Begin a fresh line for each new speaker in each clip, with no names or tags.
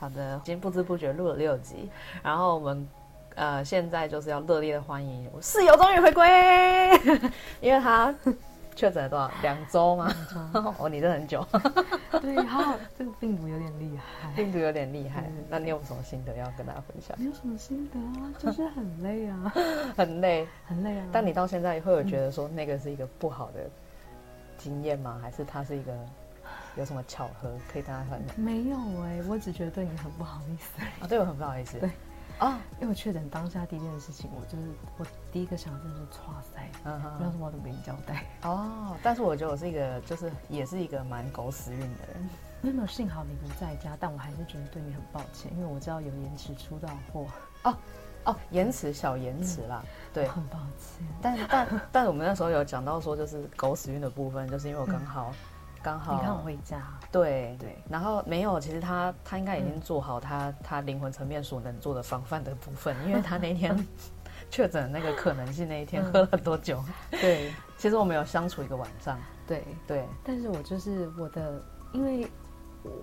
好的，已經不知不覺錄了六集，然後我們，呃，現在就是要熱烈的歡迎我室友終於回歸， 因為他確診了多少？ 兩周嗎嘛？ 哦，你這很久。 對哈，這個病毒有點厲害。病毒有點厲害， 害，那你有，有什麼心得要跟大家分享？沒 有
什麼心得啊，就是很累啊，
很累，
很累啊。但你
到現在會有覺得說那個是一個不好的經驗嗎、嗯？還是它是一個？有什麼巧合可以跟大家分享？
沒有哎、欸，我只覺得對你很不好意思。啊，對我很不好意思。對，啊、哦，因為我確診當下第一件事情，我、嗯、就是我第一個想的就是，哇塞，我、嗯、要怎麼跟你交代？哦，但是我覺
得我是一個，就是也是一個蠻狗屎運的人。你
有，沒有幸好你不在家，但我還是覺得對你很抱歉，因為我知道有延遲出到貨。哦哦，延遲小延遲
啦，嗯、對，
很抱歉。
但但 但我們那時候有講到說，就是狗屎運的部分，就是因為我剛好、嗯。剛好你看我回家、啊，對對，然後沒有，其實他他應該已經做好他、嗯、他靈魂層面所能做的防範的部分，因為他那天確診的那個可能性、嗯、那一天喝了多久、嗯？對，其實我們有相處一個晚上，
對對，但是我就是我的，因為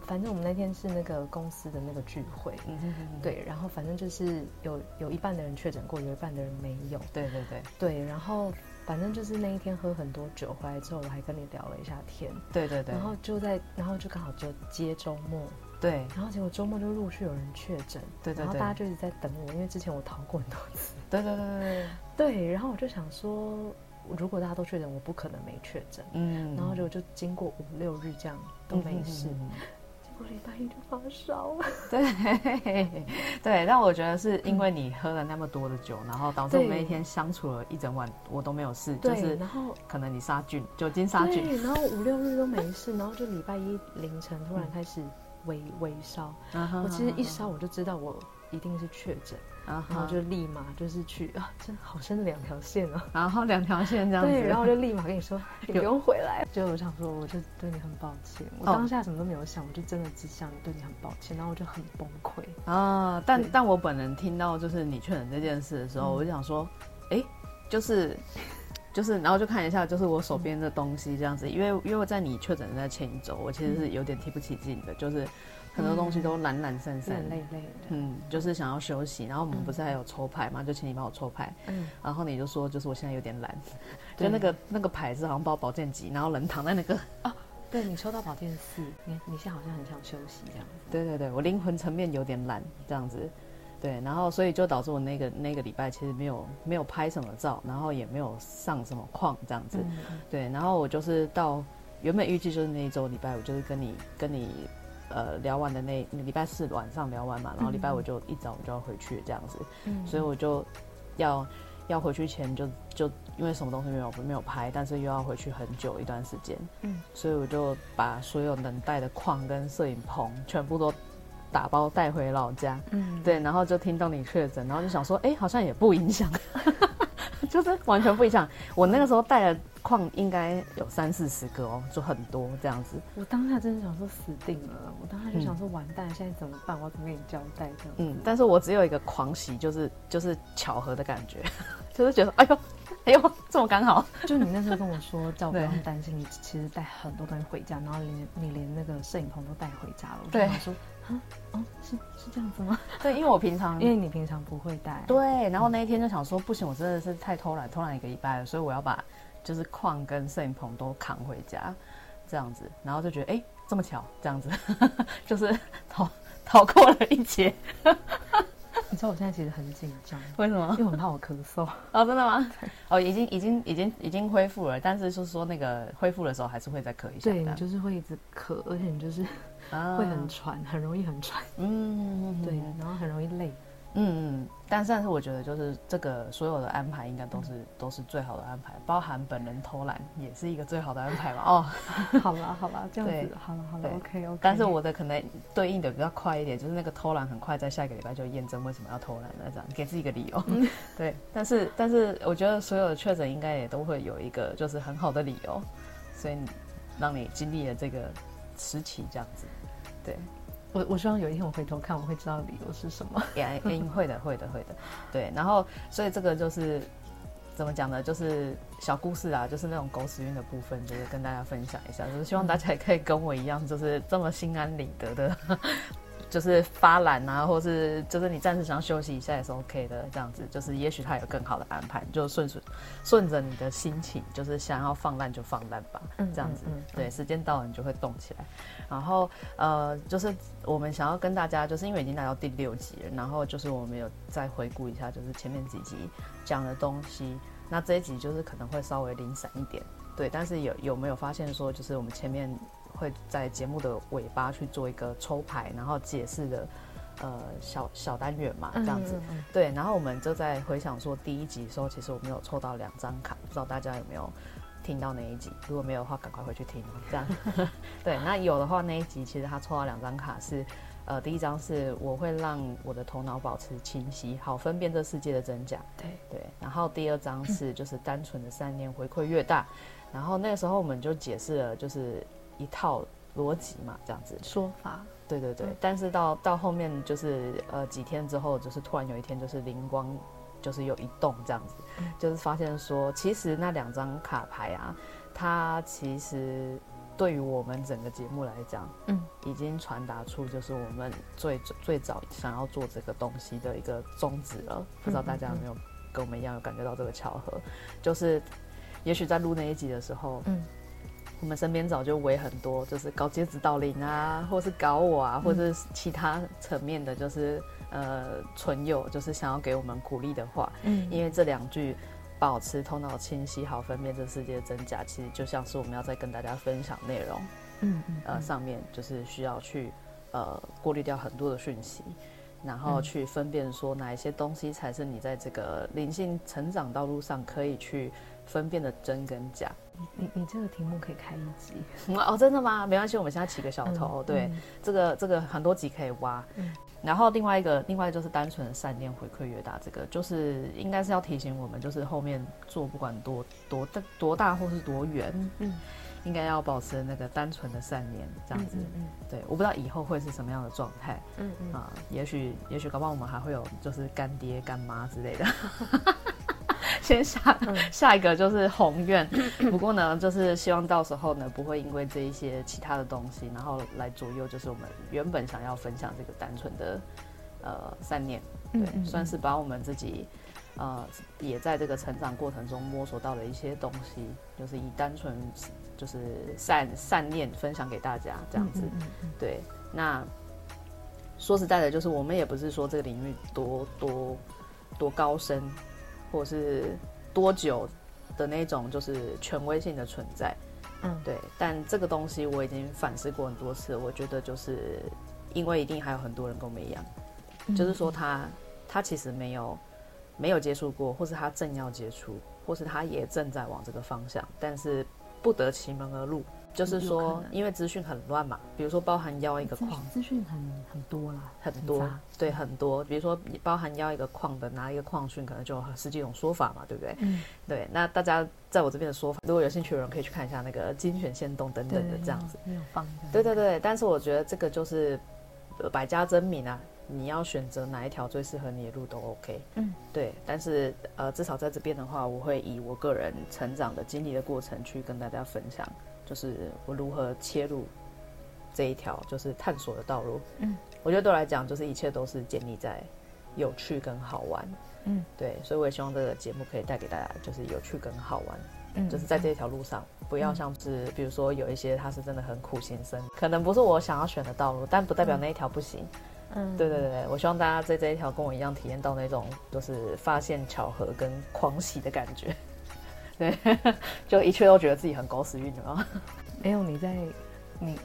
反正我們那天是那個公司的那個聚會，嗯、哼哼，對，然後反正就是有有一半的人確診過，有一半的人沒有，對對對對，然後。反正就是那一天喝很多酒回來之後，我還跟你聊了一下天。對對對。然後就在，然後就剛好就接周末。對。然後結果周末就陸續有人確診。對對對。然後大家就一直在等我，因為之前我逃過很多次。對對對對。對，然後我就想說，如果大家都確診，我不可能沒確診。嗯。然後結果就經過五六日這樣都沒事。嗯哼哼哼哼
我禮拜一就
發燒了對，對對，但我覺得是因為你喝了那麼多的酒，嗯、然後導致我那一天相處了一整晚，我都沒有事，就是。然後可能你殺菌，酒精殺菌，然後
五六日都沒事，然後就禮拜一凌晨突然開始微微燒，嗯，我其實一燒我就知道我一定是確診。然後就立馬就是去啊，真好深兩條線哦、啊。然後兩條線這樣子對，然後就立馬跟你說，你不用回來了，就我想說，我就對你很抱歉，我當下什麼都沒有想，哦、我就真的只想你對你很抱歉，然後我就很崩潰
啊。但但我本人聽到就是你確診這件事的時候，嗯、我就想說，哎，就是，就是，然後就看一下就是我手邊的東西這樣子，嗯、因為因為我在你確診的在前一周，我其實是有點提不起勁的、嗯，就是。很多東西都懶懶散散，嗯、很累
累嗯，
嗯，就是想要休息。然後我們不是還有抽牌嗎？嗯、就請你幫我抽牌。嗯，然後你就說，就是我現在有點懶，
嗯、 就那個
那個牌子好像包寶劍，然後人躺在那個哦。
對你抽到寶劍四，你你現在好像很想休息這樣
子。對對對，我靈魂層面有點懶這樣子，對，然後所以就導致我那個那個禮拜其實沒有沒有拍什麼照，然後也沒有上什麼礦這樣子嗯嗯嗯，對，然後我就是到原本預計就是那一周禮拜我就是跟你跟你。呃，聊完的那禮拜四晚上聊完嘛，嗯嗯，然後禮拜五就一早我們就要回去這樣子，嗯嗯，所以我就要要回去前就就因為什麼東西沒有沒有拍，但是又要回去很久一段時間，嗯，所以我就把所有能帶的框跟攝影棚全部都。打包帶回老家，嗯，對，然後就聽到你確診，然後就想說，哎、欸，好像也不影響， 就是完全不影響。我那個時候帶的礦應該有三四十個哦，就很多這樣子。
我當下真的想說死定了，我當下就想說完蛋、嗯，現在怎麼辦？我怎麼跟你交代？這樣。嗯，
但是我只有一個狂喜，就是就是巧合的感覺，
就是覺得哎呦哎呦這麼剛好。就你那時候跟我說， 叫我不用擔心，你其實帶很多東西回家，然後連你連那個攝影棚都帶回家了。我對，我說。嗯，哦，是是這樣子嗎？對，因為我平常，因為你平常不會帶，對。
然後那一天就想說，嗯、不行，我真的是太偷懶，偷懶一個禮拜了，所以我要把就是框跟攝影棚都扛回家，這樣子。然後就覺得，哎、欸，這麼巧，這樣子，嗯、 就是逃
逃過了一劫。 你知道我現在其實很緊張，為什麼？因為我怕我咳嗽。
哦，真的嗎？哦，已經已經已經已經恢復了，但是就是說那個恢復的時候還是會再咳一下。對，你就
是會一直咳，而且你就是。啊、會很喘，很容易很喘，嗯，對嗯，然後很容易累，嗯嗯，但但是我覺得就是這個所
有的安排應該都是、嗯、都是最好的安排，包含本人偷懶也是一個最好的安排吧、嗯？
哦， 好了好了，這樣子，好了好了，OK OK。但是我
的可能對應的比較快一點，就是那個偷懶很快在下一個禮拜就驗證為什麼要偷懶了，這樣給自己一個理由。嗯、對，但是但是我覺得所有的確診應該也都會有一個就是很好的理由，所以讓你經歷了這個。時期這樣子，對，
我我希望有一天我回頭看，我會知道理由是什麼。哎，會的會的
會的，會的會的 對。然後所以這個就是怎麼講呢？就是小故事啊，就是那種狗屎運的部分，就是跟大家分享一下，就是希望大家也可以跟我一樣，就是這麼心安理得的。 就是發懶啊，或是就是你暫時想要休息一下也是 OK 的，這樣子就是也許他有更好的安排，就順順順着你的心情，就是想要放爛就放爛吧，嗯，這樣子，嗯嗯嗯嗯，對，時間到了你就會動起來，然後呃，就是我們想要跟大家，就是因為已經來到第六集了，然後就是我們有再回顧一下就是前面幾集講的東西，那這一集就是可能會稍微零散一點，對，但是有有沒有發現說就是我們前面。會在節目的尾巴去做一個抽牌，然後解釋的，呃，小小單元嘛，這樣子嗯嗯嗯，對，然後我們就在回想說，第一集的時候，其實我們有抽到兩張卡，不知道大家有沒有聽到那一集？如果沒有的話，趕快回去聽。這樣， 對。那有的話，那一集其實他抽到兩張卡是，呃，第一張是我會讓我的頭腦保持清晰，好分辨這世界的真假。對對。然後第二張是就是單純的善念回饋越大。嗯、然後那個時候我們就解釋了，就是。一套邏輯嘛，這樣子說法，對對對。嗯、但是到到後面就是呃幾天之後，就是突然有一天就是靈光，就是有一動這樣子，嗯、就是發現說其實那兩張卡牌啊，它其實對於我們整個節目來講，嗯，已經傳達出就是我們最最早想要做這個東西的一個宗旨了，嗯嗯嗯。不知道大家有沒有跟我們一樣有感覺到這個巧合，就是也許在錄那一集的時候，嗯。我們身邊早就圍很多，就是高階導靈啊，或是高我啊，嗯、或者是其他層面的，就是呃，存有，就是想要給我們鼓勵的話，嗯，因為這兩句，保持頭腦清晰，好分辨這世界的真假，其實就像是我們要在跟大家分享內容嗯
嗯，嗯，呃，
上面就是需要去呃，過濾掉很多的訊息，然後去分辨說哪一些東西才是你在這個靈性成長道路上可以去。分辨的真跟假，
你你你這個題目可以開一集，
哦，真的嗎？沒關係，我們現在起個小頭，嗯，對，嗯、這個這個很多集可以挖，嗯，然後另外一個，另外就是單純的善念回饋越大，這個就是應該是要提醒我們，就是後面做不管多多大多大或是多遠，嗯，嗯，應該要保持那個單純的善念這樣子嗯嗯，嗯，對，我不知道以後會是什麼樣的狀態，嗯嗯，啊、呃，也許也許搞不好我們還會有就是乾爹乾媽之類的。嗯 先下，下一個就是宏願，嗯，不過呢，就是希望到時候呢，不會因為這一些其他的東西，然後來左右，就是我們原本想要分享這個單純的，呃，善念，對，嗯嗯，算是把我們自己，呃，也在這個成長過程中摸索到的一些東西，就是以單純，就是善善念分享給大家這樣子，嗯嗯嗯，對，那說實在的，就是我們也不是說這個領域多多多高深。或是多久的那種，就是權威性的存在，
嗯，對。
但這個東西我已經反思過很多次了，我覺得就是，因為一定還有很多人跟我們一樣，嗯，就是說他他其實沒有沒有接觸過，或是他正要接觸，或是他也正在往這個方向，但是不得其門而入。就是說，因為資訊很亂嘛，比如說包含要一個礦，
資訊很很多
啦，很多很對很多，比如說包含要一個礦的，拿一個礦訊可能就十幾種說法嘛，對不對？嗯，對。那大家在我這邊的說法，如果有興趣的人可以去看一下那個精選限動等等的這樣子，沒有方向。對對對，但是我覺得這個就是百家爭鳴啊，你要選擇哪一條最適合你的路都 OK。嗯，對。但是呃，至少在這邊的話，我會以我個人成長的經歷的過程去跟大家分享。就是我如何切入這一條就是探索的道路。嗯，我覺得對我來講，就是一切都是建立在有趣跟好玩。嗯，對，所以我也希望這個節目可以帶給大家就是有趣跟好玩。嗯，就是在這一條路上、嗯，不要像是比如說有一些他是真的很苦行僧，可能不是我想要選的道路，但不代表那一條不行。
嗯，對對
對，我希望大家在這一條跟我一樣體驗到那種就是發現巧合跟狂喜的感覺。對，就一切都覺得自己很狗屎運，然後
沒有你在你，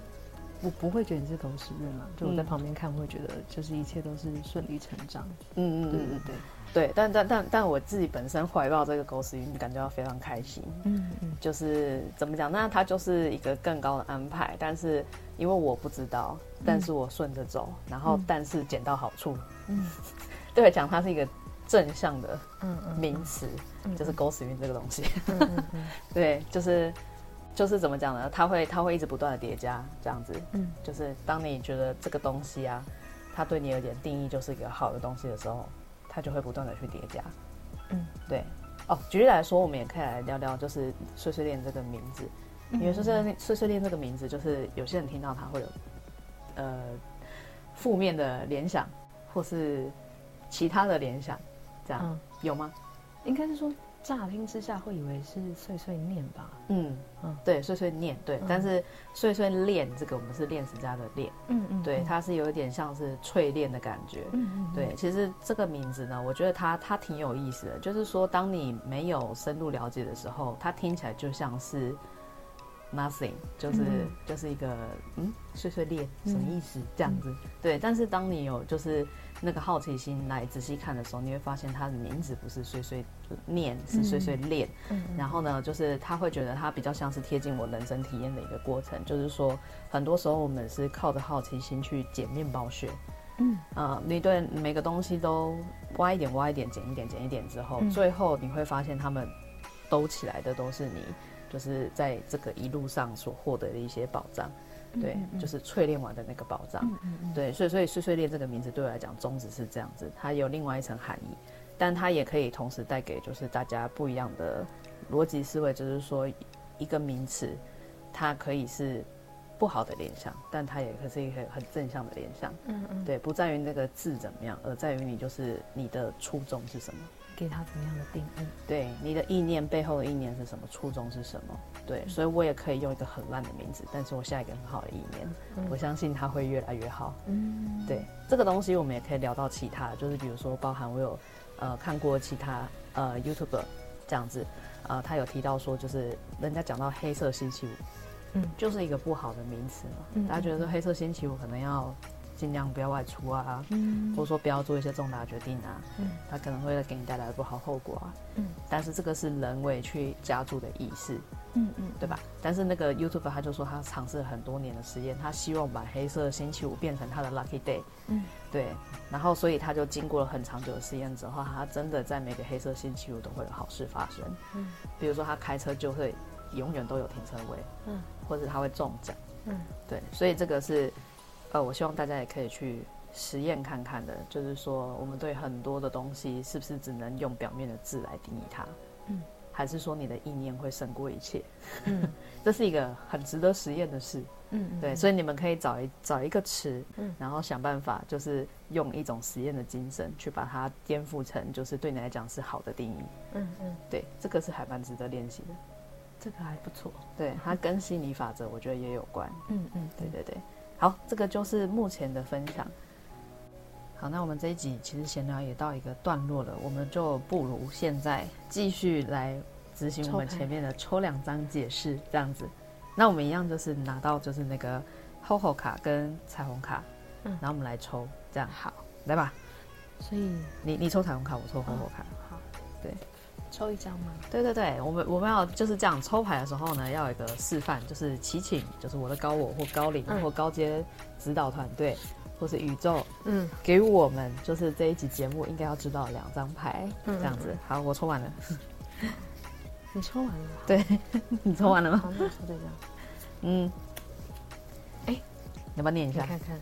我不會覺得你是狗屎運嘛？就我在旁邊看，會覺得就是一切都是順理成章。嗯嗯嗯嗯，對對，
對，但但但但，但但我自己本身懷抱這個狗屎運，感覺到非常開心。嗯
嗯，
就是怎麼講，那它就是一個更高的安排。但是因為我不知道，但是我順着走，嗯、然後但是撿到好處。嗯， 對，講它是一個。正向的名詞、嗯嗯嗯、就是“狗屎運”這個東西、嗯，嗯、 對，就是就是怎麼講呢？它會它會一直不斷的疊加，這樣子。嗯，就是當你覺得這個東西啊，它對你有點定義，就是一個好的東西的時候，它就會不斷的去疊加、嗯。對。哦，舉例來說，我們也可以來聊聊，就是“碎碎瀲”這個名字，
嗯、因為“碎碎
碎碎瀲”這個名字，就是有些人聽到它會有呃負面的聯想，或是其他的聯想。嗯，有嗎？
應該是說，乍聽之下會以為是碎碎念吧。嗯
嗯，對嗯，碎碎念，對。嗯、但是碎碎瀲這個，我們是練習家的練。嗯，嗯嗯，對，它是有一點像是淬煉的感覺。嗯，嗯嗯，對。其實這個名字呢，我覺得它它挺有意思的。就是說，當你沒有深入了解的時候，它聽起來就像是 nothing，就是嗯嗯就是一個嗯，碎碎瀲，什麼意思？嗯嗯，這樣子。對。但是當你有就是。那個好奇心來仔細看的時候，你會發現它的名字不是“碎碎念”，是“碎碎瀲”。嗯。然後呢，就是他會覺得它比較像是貼近我人生體驗的一個過程。就是說，很多時候我們是靠着好奇心去撿麵包屑。嗯。啊、呃，你對每個東西都挖一點，挖一點，挖一點，撿一點，撿一點之後，嗯、最後你會發現他們兜起來的都是你，就是在這個一路上所獲得的一些寶藏。對。嗯嗯嗯，就是淬煉完的那個寶藏。嗯嗯嗯，對，所以所以碎碎念這個名字對我來講，宗旨是這樣子，它有另外一層含義，但它也可以同時帶給就是大家不一樣的邏輯思維，就是說一個名詞它可以是不好的聯想，但它也可以是一個很正向的聯想。嗯嗯，對，不在於那個字怎麼樣，而在於你就是你的初衷是什麼。
給他怎麼樣的定義？
對，你的意念背後的意念是什麼？初衷是什麼？對、嗯，所以我也可以用一個很爛的名字，但是我下一個很好的意念，嗯、我相信它會越來越好。嗯，對，這個東西我們也可以聊到其他，就是比如說包含我有，呃，看過其他呃 YouTuber 這樣子，呃，他有提到說，就是人家講到黑色星期五，嗯，就是一個不好的名詞嘛，嗯嗯嗯嗯嗯，大家覺得說黑色星期五可能要。儘量不要外出啊、嗯，或者說不要做一些重大決定啊，嗯，他可能會給你帶來不好後果啊、嗯。但是這個是人為去加注的意識，嗯嗯，對吧？但是那個 YouTuber 他就說他嘗試了很多年的實驗，他希望把黑色星期五變成他的 lucky day。嗯，對。然後所以他就經過了很長久的實驗之後，他真的在每個黑色星期五都會有好事發生。
嗯，
比如說他開車就會永遠都有停車位，嗯，或者他會中獎，嗯，對。所以這個是。呃，我希望大家也可以去實驗看看的，就是說，我們對很多的東西，是不是只能用表面的字來定義它？嗯，還是說你的意念會勝過一切？嗯、 這是一個很值得實驗的事。嗯嗯，嗯，對，所以你們可以找一找一個詞，嗯，然後想辦法，就是用一種實驗的精神去把它顛覆成，就是對你來講是好的定義。嗯嗯，對，這個是還蠻值得練習的。這個還不錯。對，它、嗯嗯、跟心理法則，我覺得也有關。嗯嗯，對對對。好，這個就是目前的分享。好，那我們這一集其實閒聊也到一個段落了，我們就不如現在繼續來執行我們前面的抽兩張解釋這樣子。那我們一樣就是拿到就是那個 HoHo 卡跟彩虹卡，嗯，然後我們來抽這樣。好，來吧。所以你你抽彩虹卡，我抽 HoHo 卡，嗯。好，對。
抽一張嗎？
對對對，我們我們要就是這樣抽牌的時候呢，要有一個示範，就是祈請，就是我的高我或高靈，或高階指導團隊、嗯，或是宇宙，嗯，給我們就是這一集節目應該要知道兩張牌，嗯嗯，這樣子。好，我抽完了。
你抽完了吧？
對，你抽完了嗎？
你抽完了嗎？ 嗯，
哎、欸，要不要念一下？看看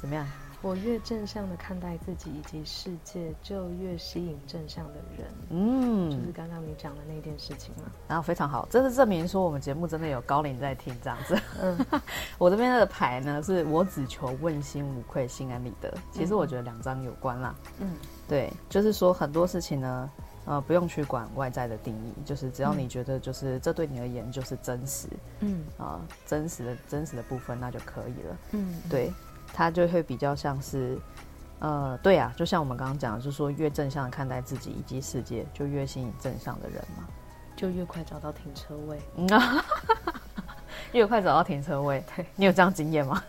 怎麼樣？
我越正向的看待自己以及世界，就越吸引正向的人。嗯，就是剛剛你講的那件事情嘛。然、
啊、後非常好，這是證明說我們節目真的有高靈在聽這樣子。嗯、 我這邊的牌呢，是我只求問心無愧、心安理得。其實我覺得兩張有關啦。嗯，對，就是說很多事情呢，呃，不用去管外在的定義，就是只要你覺得就是、嗯就是、這對你而言就是真實，嗯啊、呃，真實的真實的部分那就可以了。嗯，對。他就會比較像是，呃，對啊，就像我們剛剛講的，就是說越正向的看待自己以及世界，就越吸引正向的人嘛，
就越快找到停車位，嗯， 越快找到停
車位。對你有這樣經驗嗎？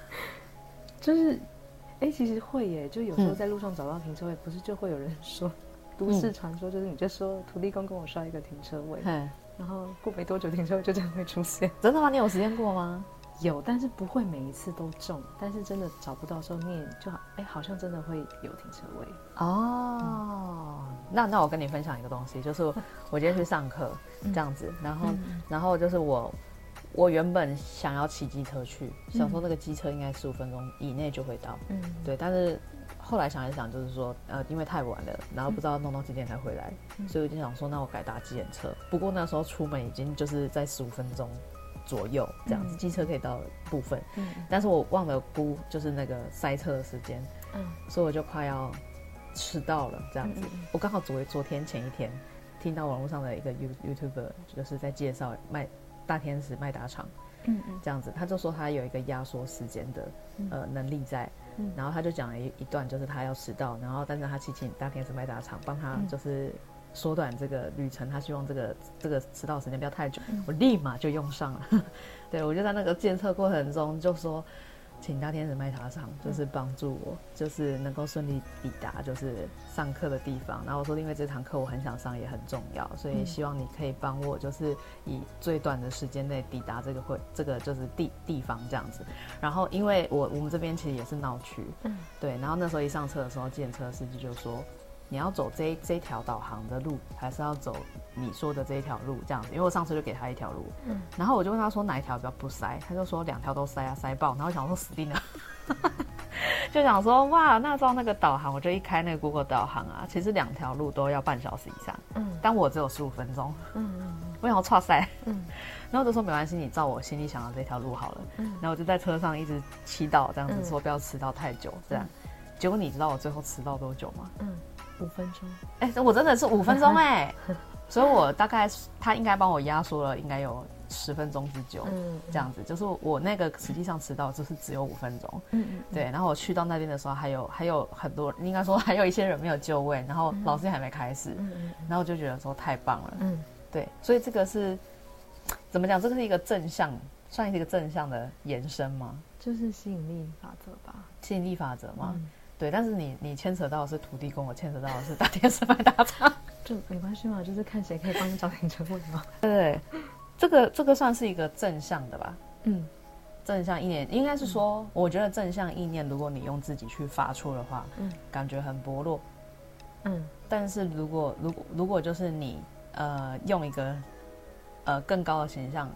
就
是，哎，其實會耶，就有時候在路上找到停車位，嗯、不是就會有人說、嗯、都市傳說，就是你就說土地公給我刷一個停車位，嗯，然後過沒多久停車位就這樣會出現。真的嗎？你有實驗過嗎？有，但是不會每一次都中。但是真的找不到時候念，就、欸、哎，好像真的會有停車位
哦。
嗯、那那我跟你分享一個東西，就是我今天去上課、嗯、這樣子，然後嗯嗯然後就是我我原本想要騎機車去、嗯，想說那個機車應該十五分鐘以內就會到。嗯，嗯，對。但是後來想一想，就是說呃，因為太晚了，然後不知道弄到幾點才回來、嗯，所以我就想說，那我改搭計程車嗯嗯。不過那時候出門已經就是在十五分鐘左右這樣子，機車可以到的部分，嗯，但是我忘了估，就是那個塞車的時間，嗯，所以我就快要遲到了，這樣子。我剛好昨昨天前一天聽到網絡上的一個 YouTuber，就是在介紹麥大天使麥達昶嗯嗯，這樣子，他就說他有一個壓縮時間的呃能力在，然後他就講了一一段，就是他要遲到，然後但是他去請大天使麥達昶幫他就是。縮短這個旅程，他希望這個這個遲到時間不要太久，我立馬就用上了。 對，我就在那個檢測過程中就說，請大天使麥達昶，就是幫助我、嗯，就是能夠順利抵達就是上課的地方。然後我說，因為這堂課我很想上，也很重要，所以希望你可以幫我，就是以最短的時間內抵達這個會這個就是地地方這樣子。然後因為我我們這邊其實也是鬧區，嗯，對。然後那時候一上車的時候，檢測司機就說。你要走這一這條導航的路，還是要走你說的這一條路？這樣子，因為我上次就給他一條路，嗯，然後我就問他說哪一條比較不塞，他就說兩條都塞啊塞爆，然後我想說死定了， 就想說哇，那照那個導航，我就一開那個 Google 導航啊，其實兩條路都要半小時以上，嗯，但我只有十五分鐘，
嗯
嗯，我想要踹塞，嗯，然後我就說沒關係，你照我心裡想的這條路好了，嗯，然後我就在車上一直祈禱，這樣子說不要遲到太久，嗯、這樣、嗯，結果你知道我最後遲到多久嗎？嗯。
五分鐘，哎、欸，我真的是五分鐘、欸，
哎， 所以，我大概他應該幫我壓縮了，應該有十分鐘之久，嗯，嗯，這樣子，就是我那個實際上遲到就是只有五分鐘、嗯，嗯，對，然後我去到那邊的時候，還有還有很多人，應該說還有一些人沒有就位，然後老師還沒開始，嗯，然後我就覺得說太棒了，嗯，對，所以這個是怎麼講？這個是一個正向，算是一個正向的延伸嗎？
就是吸引力法則吧，
吸引力法則嗎？嗯對，但是你你牽扯到的是土地公，我牽扯到的是大天使麥達昶， 就沒關係嘛，就是看誰
可以幫你找停車位嘛。 對，對對，
這個這個算是一個正向的吧？嗯，正向意念應該是說，嗯，我覺得正向意念，如果你用自己去發出的話，嗯，感覺很薄弱，嗯，但是如果如果如果就是你呃用一個呃更高的形象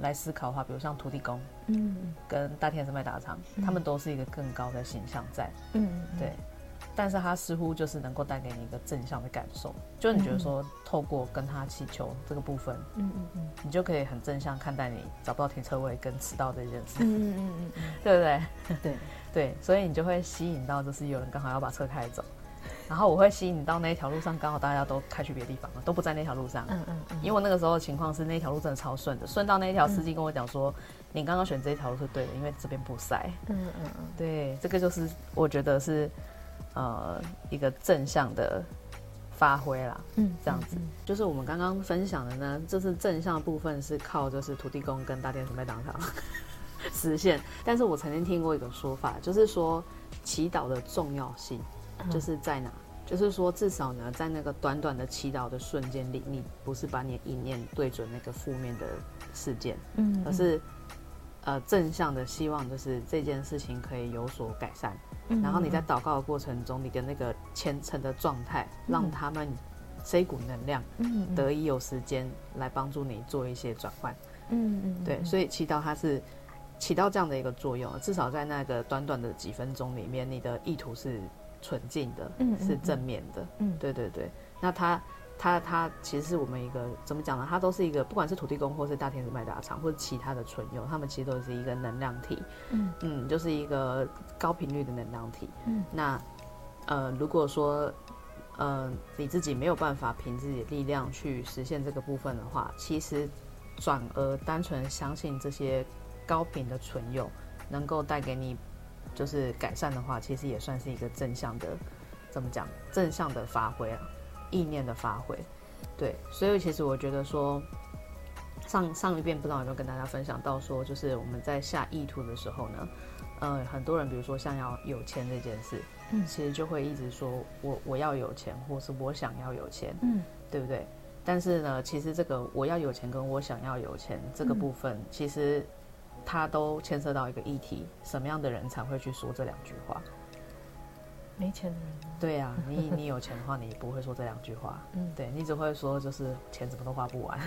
來思考的話，比如像土地公。嗯，跟大天使麥達昶、嗯，他們都是一個更高的形象在。嗯，對。嗯、但是他似乎就是能夠帶給你一個正向的感受，就你覺得說透過跟他祈求這個部分，嗯嗯嗯，你就可以很正向看待你找不到停車位跟遲到這件事。嗯嗯
嗯，
嗯 對不對？對，對，所以你就會吸引到，就是有人剛好要把車開走。然後我會吸引到那一條路上，剛好大家都開去別的地方了，都不在那條路上。嗯嗯，嗯。因為我那個時候的情況是、嗯、那條路真的超順的，順到那一條司機跟我講說：“嗯、你剛剛選這一條路是對的，因為這邊不塞。嗯”
嗯嗯，對，
這個就是我覺得是，呃，一個正向的發揮啦。嗯。嗯，這樣子、嗯嗯，就是我們剛剛分享的呢，就是正向的部分是靠就是土地公跟大天使麥達昶當場 實現。但是我曾經聽過一個說法，就是說祈禱的重要性。就是在哪？嗯、就是說，至少呢，在那個短短的祈禱的瞬間裡，你不是把你的意念對準那個負面的事件，嗯，嗯，而是，呃，正向的希望，就是這件事情可以有所改善。嗯，嗯，然後你在禱告的過程中，你的那個虔誠的狀態，嗯嗯，讓他們這一股能量，嗯，得以有時間來幫助你做一些轉換。嗯嗯，
嗯，對，
所以祈禱它是起到這樣的一個作用，至少在那個短短的幾分鐘裡面，你的意圖是。純淨的，嗯，是正面的，嗯，嗯，對對對。那它，它，它其實是我們一個怎麼講呢？它都是一個，不管是土地公，或是大天使麥達昶或是其他的存有，它們其實都是一個能量體，嗯嗯，就是一個高頻率的能量體。嗯，那呃，如果說呃你自己沒有辦法憑自己的力量去實現這個部分的話，其實轉而單純相信這些高頻的存有能夠帶給你。就是改善的話，其實也算是一個正向的，怎麼講？正向的發揮啊，意念的發揮。對，所以其實我覺得說，上上一遍不知道有沒有跟大家分享到說，說就是我們在下意圖的時候呢，呃，很多人比如說像要有錢這件事，嗯，其實就會一直說我我要有錢，或是我想要有錢，嗯，對不對？但是呢，其實這個我要有錢跟我想要有錢這個部分，嗯、其實。他都牽涉到一個議題，什麼樣的人才會去說這兩句話？
沒
錢的人。
對啊，你你有錢的話，你不會說這兩句話。嗯，對，你只會說就是錢怎麼都花不完，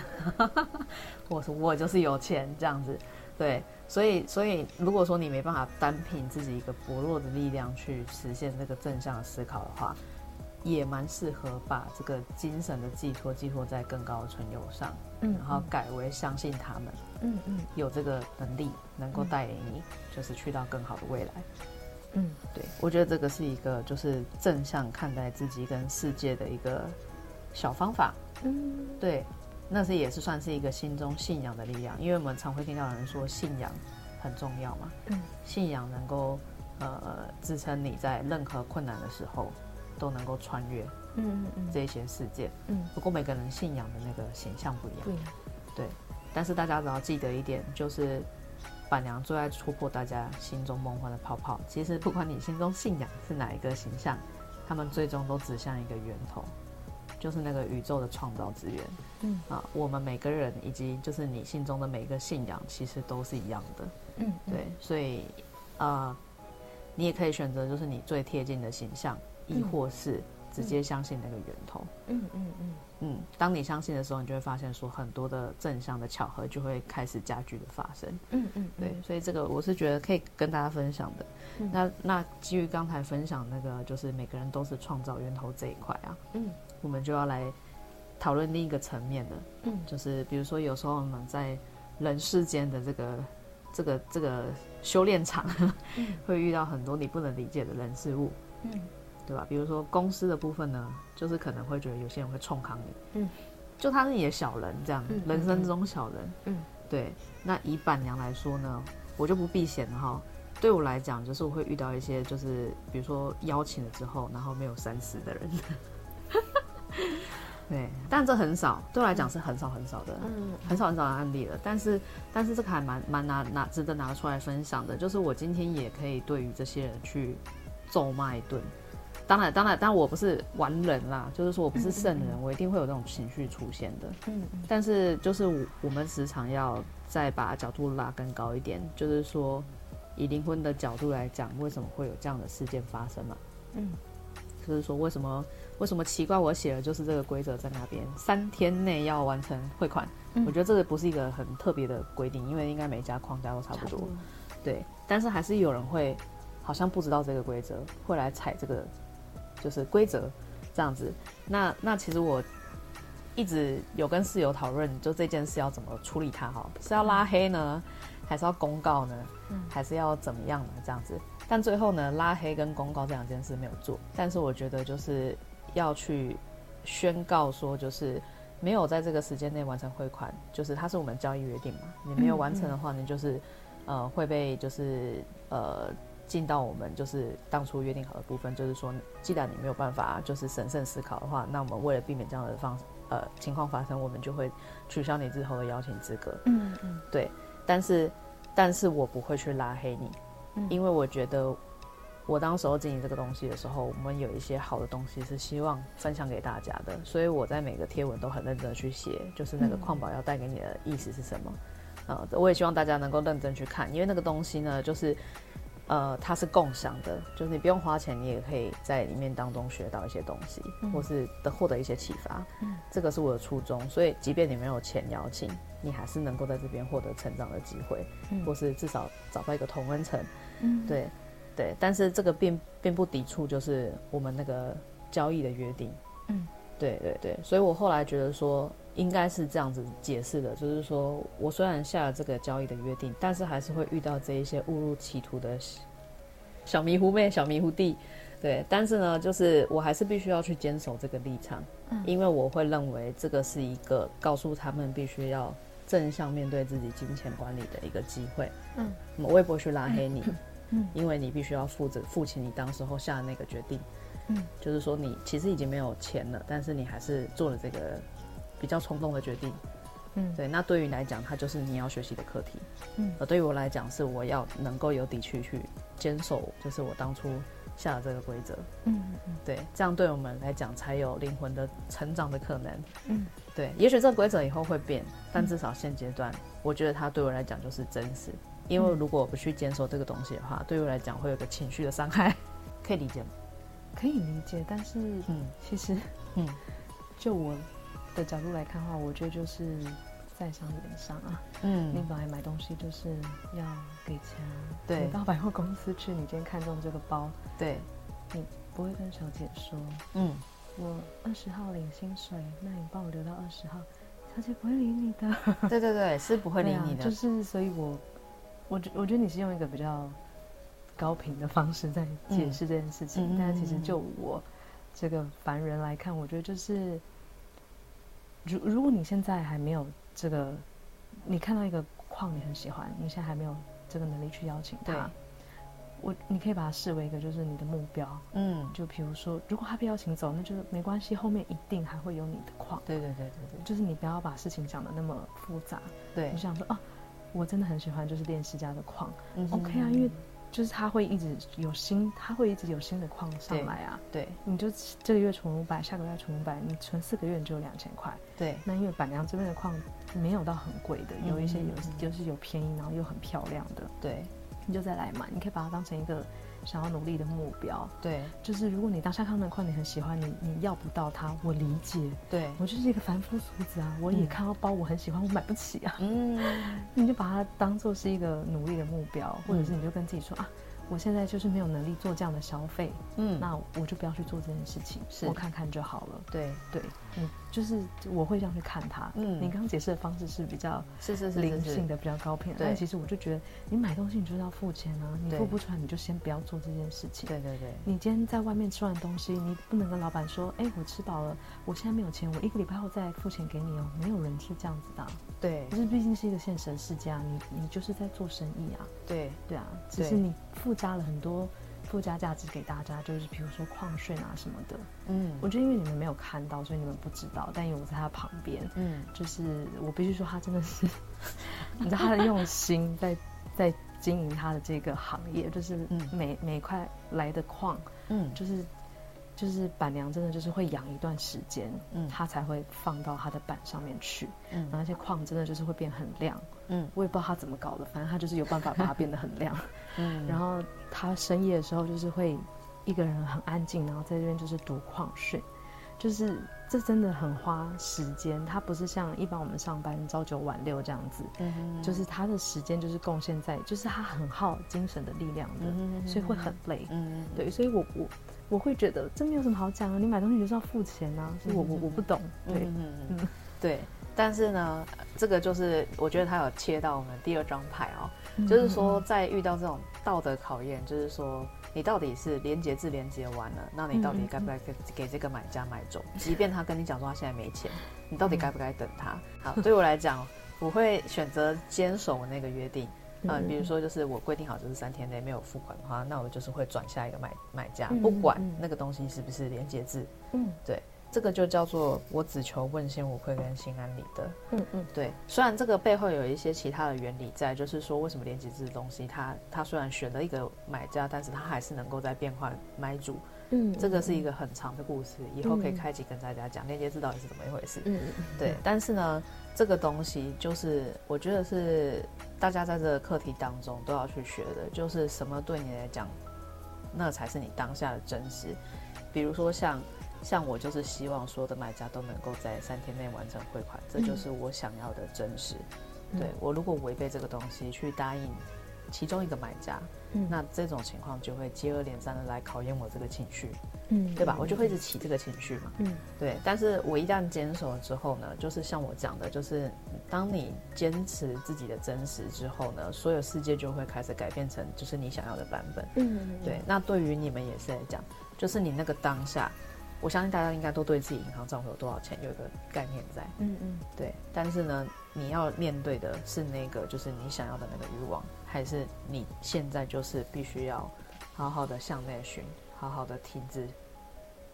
我說我就是有錢這樣子。對，所以所以如果說你沒辦法單憑自己一個薄弱的力量去實現這個正向的思考的話，也蠻適合把這個精神的寄託寄託在更高的存有上，嗯，嗯，然後改為相信他們。嗯嗯，有這個能力，能夠帶領你，嗯，就是去到更好的未來。嗯，對，我覺得這個是一個就是正向看待自己跟世界的一個小方法。嗯，對，那是也是算是一個心中信仰的力量，因為我們常會聽到有人說信仰很重要嘛。嗯，信仰能夠呃支撐你在任何困難的時候都能夠穿越。嗯，這些事件。嗯，不過每個人信仰的那個形象不一樣。不一樣。對。但是大家只要記得一點，就是闆娘最愛戳破大家心中夢幻的泡泡。其實不管你心中信仰是哪一個形象，他們最終都指向一個源頭，就是那個宇宙的創造之源。嗯啊、呃，我們每個人以及就是你心中的每一個信仰，其實都是一樣的。嗯，嗯，對，所以啊、呃，你也可以選擇就是你最貼近的形象，亦或是。嗯直接相信那個源頭，嗯嗯嗯嗯，當你相信的時候，你就會發現說很多的正向的巧合就會開始加劇的發生，嗯嗯，嗯，對，所以這個我是覺得可以跟大家分享的。嗯、那那基於剛才分享那個，就是每個人都是創造源頭這一塊啊，嗯，我們就要來討論另一個層面的、嗯，就是比如說有時候我們在人世間的這個這個這個修煉場， 會遇到很多你不能理解的人事物，嗯。對吧？比如說公司的部分呢，就是可能會覺得有些人會衝康你，嗯，就他是你的小人這樣，嗯、人生中小人嗯，嗯，對。那以闆娘來說呢，我就不避嫌了哈。對我來講，就是我會遇到一些就是比如說邀請了之後，然後沒有三思的人， 對，但這很少，對我來講是很少很少的，嗯，很少很少的案例了。但是但是這個還蠻蠻拿拿值得拿出來分享的，就是我今天也可以對於這些人去咒罵一頓。當然，當然，當然，我不是完人啦，就是說我不是聖人嗯嗯嗯，我一定會有這種情緒出現的。嗯，嗯，但是就是我們時常要再把角度拉更高一點，嗯，就是說以靈魂的角度來講，為什麼會有這樣的事件發生嘛、啊？嗯，就是說，為什麼為什麼奇怪？我寫的就是這個規則在那邊，三天內要完成匯款。嗯、我覺得這個不是一個很特別的規定，因為應該每家框架都差不多。對，但是還是有人會好像不知道這個規則，會來踩這個。就是規則這樣子，那那其實我一直有跟室友討論，就這件事要怎麼處理它哈，是要拉黑呢，還是要公告呢，嗯、還是要怎麼樣呢？這樣子，但最後呢，拉黑跟公告這兩件事沒有做，但是我覺得就是要去宣告說，就是沒有在這個時間內完成匯款，就是它是我們交易約定嘛，你沒有完成的話，你就是嗯嗯呃會被就是呃。進到我們就是當初約定好的部分，就是說，既然你沒有辦法就是審慎思考的話，那我們為了避免這樣的方呃情況發生，我們就會取消你之後的邀請資格。嗯嗯，對，但是但是我不會去拉黑你、嗯，因為我覺得我當時候經營這個東西的時候，我們有一些好的東西是希望分享給大家的，所以我在每個貼文都很認真的去寫，就是那個礦寶要帶給你的意思是什麼啊、嗯嗯？我也希望大家能夠認真去看，因為那個東西呢，就是。呃，它是共享的，就是你不用花錢，你也可以在裡面當中學到一些東西，嗯、或是的獲得一些啟發。嗯，這個是我的初衷，所以即便你沒有錢邀請，你還是能夠在這邊獲得成長的機會，嗯、或是至少找到一個同溫層。嗯，對，對，但是這個並並不抵觸，就是我們那個交易的約定。嗯。對對對，所以我後來覺得說，應該是這樣子解釋的，就是說我雖然下了這個交易的約定，但是還是會遇到這一些誤入歧途的小迷糊妹、小迷糊弟，對，但是呢，就是我還是必須要去堅守這個立場，嗯，因為我會認為這個是一個告訴他們必須要正向面對自己金錢管理的一個機會，嗯，我也不會去拉黑你，嗯，因為你必須要負責負起，你當時候下的那個決定。嗯，就是說你其實已經沒有錢了，但是你還是做了這個比較衝動的決定，嗯，對。那對於你來講，它就是你要學習的課題，
嗯。而
對於我來講，是我要能夠有底氣去堅守，就是我當初下的這個規則嗯，嗯，對。這樣對我們來講才有靈魂的成長的可能，嗯，對。也許這個規則以後會變，但至少現階段，我覺得它對我來講就是真實，嗯。因為如果我不去堅守這個東西的話，對於我來講會有個情緒的傷害，可以理解嗎？
可以理解，但是嗯，其實，嗯，就我的角度來看的話，我覺得就是在商業上啊，嗯，你本來買東西就是要給錢、啊，對，你到百貨公司去，你今天看中這個包，對，你不會跟小姐說，嗯，我二十號領薪水，那你幫我留到二十號，小姐不會理你的， 對對對，是不會理你的，啊、就是所以我，我我覺我覺得你是用一個比較高頻的方式在解釋這件事情，嗯嗯嗯嗯、但是其實就我這個凡人來看，我覺得就是，如如果你現在還沒有這個，你看到一個礦，你很喜歡，你現在還沒有這個能力去邀請他，我你可以把它視為一個就是你的目標，嗯，就比如說，如果他被邀請走，那就是沒關係，後面一定還會有你的礦，對對對對對，就是你不要把事情講得那麼複雜，對，你想說啊，我真的很喜歡就是練習家的礦、嗯、，OK 啊，嗯、因為。就是它會一直有新，它會一直有新的礦上來啊。對，對你就這個月存五百，下個月存五百，你存四個月你就有兩千塊。對，那因為闆娘這邊的礦沒有到很貴的，嗯、有一些有、嗯、就是有便宜，然後又很漂亮的。對，你就再來嘛，你可以把它當成一個。想要努力的目標，對，就是如果你當下看到一塊你很喜歡，你你要不到它，我理解，對，我就是一個凡夫俗子啊，我也看到包我很喜歡、嗯，我買不起啊，嗯，你就把它當做是一個努力的目標，或者是你就跟自己說、嗯、啊，我現在就是沒有能力做這樣的消費，嗯，那我就不要去做這件事情，是我看看就好了，對對，嗯。就是我會這樣去看他。嗯，你剛剛解釋的方式是比較是是靈性的是是是是是比較高頻，但其實我就覺得，你買東西你就是要付錢啊，你付不出來你就先不要做這件事情。對對對，你今天在外面吃完東西，嗯、你不能跟老闆說：“哎，我吃飽了，我現在沒有錢，我一個禮拜後再付錢給你哦。嗯”沒有人是這樣子的、啊。對，可是畢竟是一個現實世界、啊，你你就是在做生意啊。對對啊，只是你附加了很多。附加價值給大家，就是比如說礦稅啊什麼的。嗯，我覺得因為你們沒有看到，所以你們不知道。但因為我在他旁邊，嗯，就是我必須說，他真的是，嗯、 你知道他的用心在 在經營他的這個行業，就是每、嗯、每塊來的礦，嗯，就是。就是闆娘真的就是會養一段時間，嗯，她才會放到她的板上面去，嗯，然後那些礦真的就是會變很亮，嗯，我也不知道她怎麼搞的，反正她就是有辦法把它變得很亮，
嗯，然
後她深夜的時候就是會一個人很安靜，然後在這邊就是讀礦訓，就是這真的很花時間，它不是像一般我們上班朝九晚六這樣子，嗯，就是他的時間就是貢獻在，就是他很耗精神的力量的，嗯嗯嗯，所以會很累，嗯，對，所以我我。我會覺得這沒有什麼好講啊，你買東西就是要付錢啊。是是是，我我我不懂，對，嗯嗯嗯，對。
但是呢，這個就是我覺得它有切到我們第二張牌啊，哦嗯嗯嗯，就是說在遇到這種道德考驗，就是說你到底是廉潔自廉潔完了，那你到底該不該給給這個買家買走嗯嗯嗯，即便他跟你講說他現在沒錢，你到底該不該等他？嗯嗯好，對我來講，我會選擇堅守那個約定。嗯，比如說，就是我規定好，就是三天內沒有付款的話，那我就是會轉下一個買買家，嗯嗯，不管那個東西是不是連結字，嗯，對，這個就叫做我只求問心無愧跟心安理得，嗯嗯，對。雖然這個背後有一些其他的原理在，就是說，為什麼連結字的東西，它它雖然選了一個買家，但是它還是能夠在變換買主，嗯，
這個是
一個很長的故事，嗯、以後可以開啟跟大家講，嗯、連結字到底是怎麼一回事，嗯，嗯對嗯。但是呢，這個東西就是我覺得是。大家在這個課題當中都要去學的，就是什麼對你來講，那才是你當下的真實。比如說像，像我就是希望所有的買家都能夠在三天內完成匯款，這就是我想要的真實。嗯、對，我如果違背這個東西去答應，其中一個買家，嗯，那這種情況就會接二連三的來考驗我這個情緒，
嗯，對吧？我就會一直
起這個情緒嘛，嗯，對。但是我一旦堅守了之後呢，就是像我講的，就是當你堅持自己的真實之後呢，所有世界就會開始改變成就是你想要的版本，嗯，對。嗯、那對於你們也是來講，就是你那個當下，我相信大家應該都對自己銀行賬戶有多少錢有一個概念在，嗯嗯，對。但是呢，你要面對的是那個就是你想要的那個慾望。還是你現在就是必須要好好的向內尋，好好的停止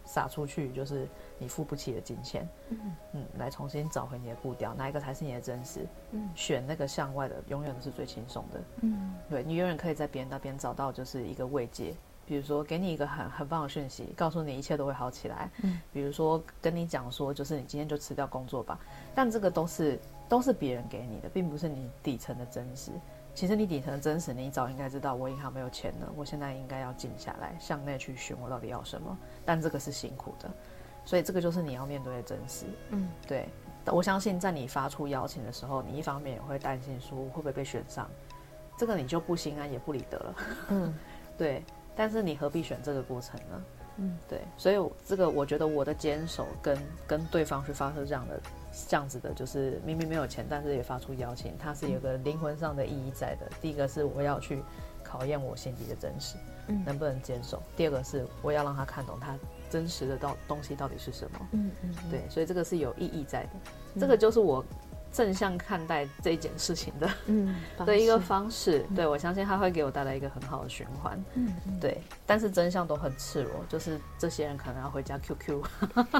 撒出去，就是你付不起的金錢，嗯，嗯，來重新找回你的步調，哪一個才是你的真實？嗯，選那個向外的，永遠都是最輕鬆的。嗯，對，你永遠可以在別人那邊找到就是一個慰藉，比如說給你一個很很棒的訊息，告訴你一切都會好起來，嗯，比如說跟你講說，就是你今天就辭掉工作吧，但這個都是都是別人給你的，並不是你底層的真實。其實你底層的真實，你早應該知道我銀行沒有錢了，我現在應該要靜下來，向內去尋我到底要什麼。但這個是辛苦的，所以這個就是你要面對的真實。嗯，對，我相信在你發出邀請的時候，你一方面也會擔心說會不會被選上，這個你就不心安也不理得了。嗯， 對，但是你何必選這個過程呢？嗯，對，所以這個我覺得我的堅守跟跟對方去發生這樣的。這樣子的，就是明明沒有錢，但是也發出邀請，他是有個靈魂上的意義在的。第一個是我要去考驗我心底的真實，嗯、能不能堅守；第二個是我要讓他看懂他真實的到東西到底是什麼。嗯嗯，對，所以這個是有意義在的，這個就是我。正向看待這一件事情的，
嗯，的一個
方式，嗯，對，我相信他會給我帶來一個很好的循環，嗯，嗯，對。但是真相都很赤裸，就是這些人可能要回家 QQ，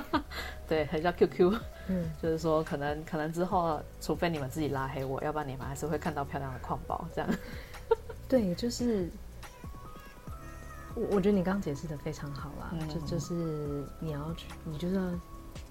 對，回家 QQ，嗯，就是說可能可能之後，除非你們自己拉黑我，要不然你們還是會看到漂亮的礦包這樣。
對，就是，我我覺得你剛剛解釋的非常好啦，嗯，就就是你要去，你就是要。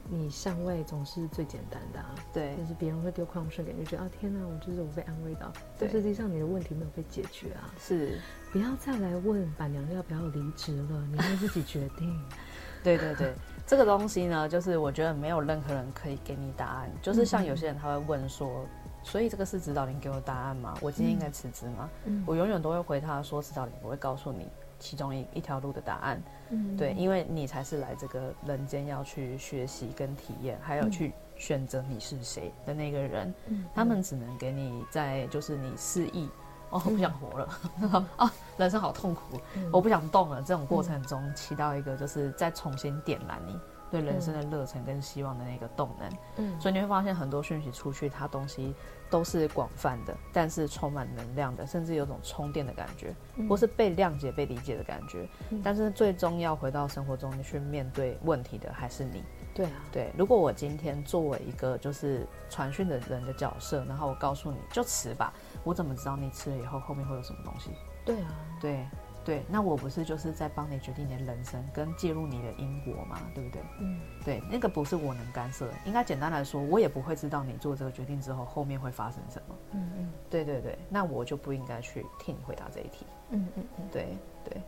你上位總是最簡單的啊，對，但，就是別人會丟礦泉水給你就覺得啊天啊，我就是我被安慰到，對，但實際上你的問題沒有被解決啊。是，不要再來問闆娘要不要離職了，你要，要自己決定。 對
對對， 這個東西呢，就是我覺得沒有任何人可以給你答案，就是像有些人他會問說，嗯、所以這個是指導靈給我的答案嗎？我今天應該辭職嗎？嗯？我永遠都會回他說，指導靈不會告訴你其中一一條路的答案。嗯、對，因為你才是來這個人間要去學習跟體驗，還有去選擇你是誰的那個人。嗯、他們只能給你在就是你失意，嗯哦、我不想活了，嗯、 啊，人生好痛苦，嗯、我不想動了這種過程中起到一個就是再重新點燃你對人生的熱忱跟希望的那個動能，嗯，所以你會發現很多訊息出去，它東西都是廣泛的，但是充滿能量的，甚至有種充電的感覺，嗯，或是被諒解、被理解的感覺，嗯。但是最終要回到生活中去面對問題的還是你。對啊，對。如果我今天作為一個就是傳訊的人的角色，然後我告訴你就吃吧，我怎麼知道你吃了以後後面會有什麼東西？對啊，對。對，那我不是就是在幫你決定你的人生跟介入你的因果嘛，對不對？嗯，對，那個不是我能干涉。應該簡單來說，我也不會知道你做這個決定之後後面會發生什麼。嗯嗯，對對對，那我就不應該去替你回答這一題。嗯嗯嗯，對對，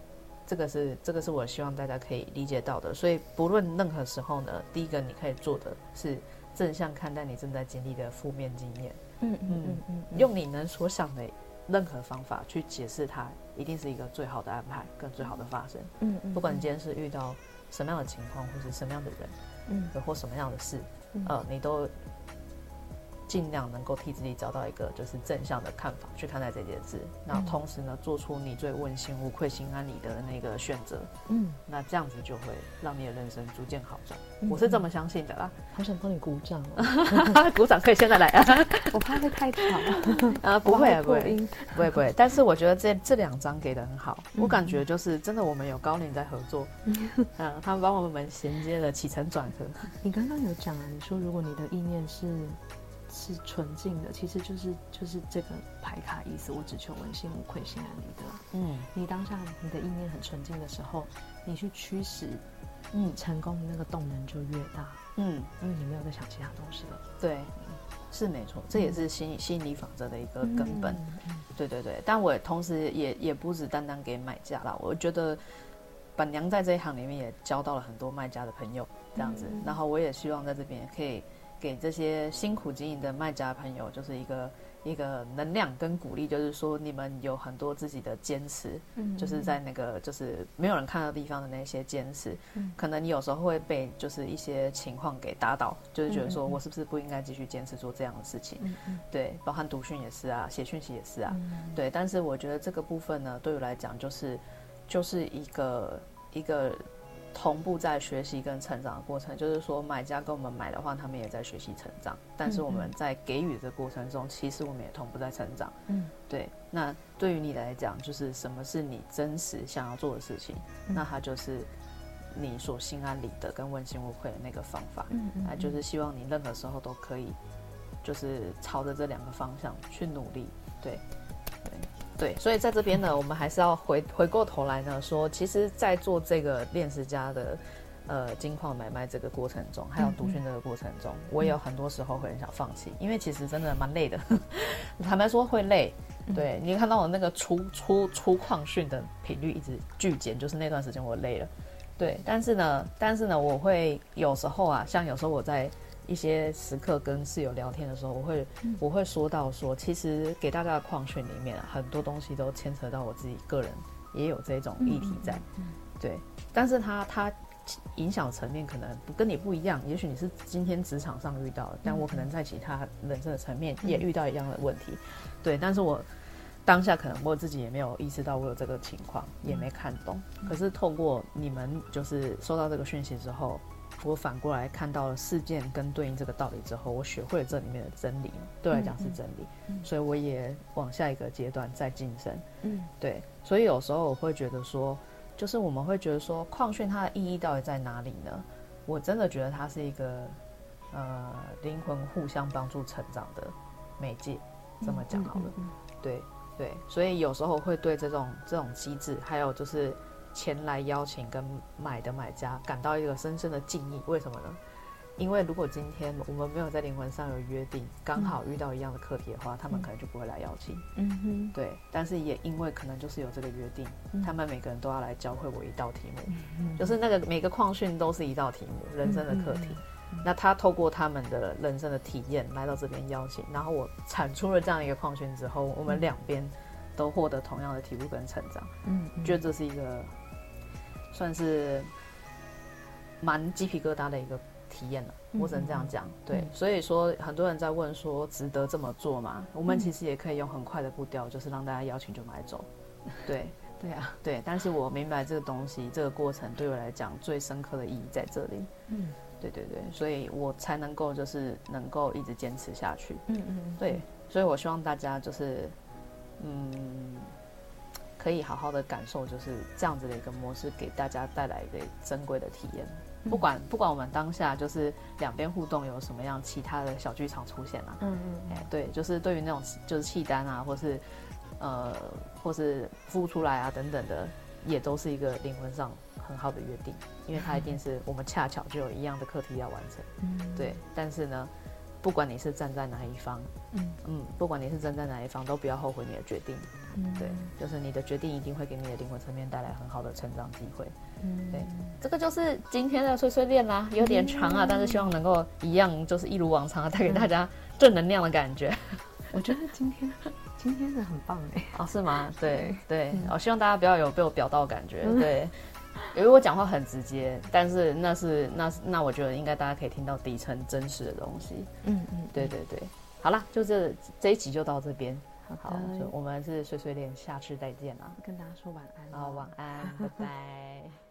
這個是這個是我希望大家可以理解到的。所以不論任何時候呢，第一個你可以做的是正向看待你正在經歷的負面經驗。嗯嗯嗯嗯，嗯，用你能所想的。任何方法去解釋它，一定是一個最好的安排跟最好的發生。嗯，嗯，嗯，不管你今天是遇到什麼樣的情況，或是什麼樣的人，嗯，或什麼樣的事，嗯、呃，你都，儘量能夠替自己找到一個就是正向的看法去看待這件事，那同時呢，做出你最問心無愧、心安理得的那個選擇。嗯，那這樣子就會讓你的人生逐漸好轉，嗯。我是這麼相信的啦。
好想幫你鼓掌，哦， 鼓掌
可以現在來啊！ 我
怕會太吵 啊！不會、啊、不會，
會破 不會不會，但是我覺得這這兩張給得很好，嗯，我感覺就是真的，我們有高靈在合作，
嗯、
啊，他們幫我們銜接了起承轉合。
你剛剛有講了，你說如果你的意念是。是純淨的，其實就是就是這個牌卡意思。我只求問心無愧，心安理得。嗯，你當下你的意念很純淨的時候，你去驅使，嗯，成功的那個動能就越大。嗯，因為你沒有在想其他東西了。
對，嗯、是沒錯，這也是心理、嗯、心理法則的一個根本、嗯嗯嗯。對對對，但我也同時也也不止單單給買家了，我覺得，闆娘在這一行裡面也交到了很多賣家的朋友，
這樣子，嗯、然後
我也希望在這邊可以。給這些辛苦經營的賣家的朋友，就是一個一個能量跟鼓勵，就是說你們有很多自己的堅持，嗯， 就是在那個就是沒有人看到地方的那些堅持，嗯， 可能你有時候會被就是一些情況給打倒，就是覺得說我是不是不應該繼續堅持做這樣的事情，嗯 對，包含讀訊也是啊，寫訊息也是啊， 對，但是我覺得這個部分呢，對我來講就是就是一個一個。同步在學習跟成長的過程，就是說買家跟我們買的話，他們也在學習成長。但是我們在給予的這過程中，嗯，其實我們也同步在成長。嗯，對。那對於你來講，就是什麼是你真實想要做的事情？嗯、那它就是你所心安理得跟問心無愧的那個方法。嗯，那就是希望你任何時候都可以，就是朝着這兩個方向去努力。對。對，所以在這邊呢，我們還是要回回過頭來呢，說其實，在做這個練石家的，呃，金礦買賣這個過程中，還有讀訊這個過程中，我也有很多時候會很想放棄，因為其實真的蠻累的。呵呵坦白說會累，對，你看到我那個出出出礦訊的頻率一直巨減，就是那段時間我累了。對，但是呢，但是呢，我會有時候啊，像有時候我在。一些時刻跟室友聊天的時候，我會我會說到說、嗯，其實給大家的礦訓裡面、啊、很多東西都牽扯到我自己個人，也有這種議題在，嗯、對。但是他他影響層面可能跟你不一樣，嗯、也許你是今天職場上遇到的，但我可能在其他人生的層面也遇到一樣的問題、嗯，對。但是我當下可能我自己也沒有意識到我有這個情況、嗯，也沒看懂、嗯。可是透過你們就是收到這個訊息之後。我反過來看到了事件跟對應這個道理之後，我學會了這裡面的真理，對我來講是真理，嗯嗯，所以我也往下一個階段再晉升。嗯，對，所以有時候我會覺得說，就是我們會覺得說，框炫它的意義到底在哪裡呢？我真的覺得它是一個呃，靈魂互相幫助成長的媒介，
這麼講好了。嗯嗯嗯嗯，
對對，所以有時候會對這種這種機制，還有就是。前來邀請跟買的買家感到一個深深的敬意，為什麼呢？因為如果今天我們沒有在靈魂上有約定，剛好遇到一樣的課題的話、嗯，他們可能就不會來邀請。嗯
哼，
對。但是也因為可能就是有這個約定，嗯、他們每個人都要來教會我一道題目，嗯、就是那個每個礦訓都是一道題目，人生的課題、嗯。那他透過他們的人生的體驗來到這邊邀請，然後我產出了這樣一個礦訓之後，我們兩邊都獲得同樣的題目跟成長。嗯，覺得這是一個。算是蠻雞皮疙瘩的一個體驗了，啊嗯，我只能這樣講，嗯。對，嗯，所以說很多人在問說值得這麼做嗎，嗯？我們其實也可以用很快的步調，就是讓大家邀請就買走。嗯、對呵呵，對啊，對。但是我明白這個東西，這個過程對我來講最深刻的意義在這裡。嗯，對對對，所以我才能夠就是能夠一直堅持下去。嗯，嗯嗯，對，所以我希望大家就是嗯。可以好好的感受，就是這樣子的一個模式給大家帶來一個珍貴的體驗。不管不管我們當下就是兩邊互動有什麼樣其他的小劇場出現啊，嗯嗯，哎對，就是對於那種就是契丹啊，或是呃或是孵出來啊等等的，也都是一個靈魂上很好的約定，因為它一定是我們恰巧就有一樣的課題要完成。嗯，對。但是呢，不管你是站在哪一方，嗯嗯，不管你是站在哪一方，都不要後悔你的決定。對，就是你的決定一定會給你的靈魂層面帶來很好的成長機會。嗯，對，這個就是今天的碎碎念啦，有點長啊，嗯、但是希望能夠一樣，就是一如往常、啊、帶給大家正能量的感覺。嗯、
我覺得今天 今天是很
棒的、欸。哦，是嗎？對對，對、嗯，我希望大家不要有被我表到的感覺、嗯。對，因為我講話很直接，但是那是那那，那我覺得應該大家可以聽到底層真實的東西。嗯嗯，對對對，嗯、好啦，就這這一集就到這邊。好，我們是碎碎瀲。下次再見
啊，跟大家說晚安。好，哦，晚安，拜拜。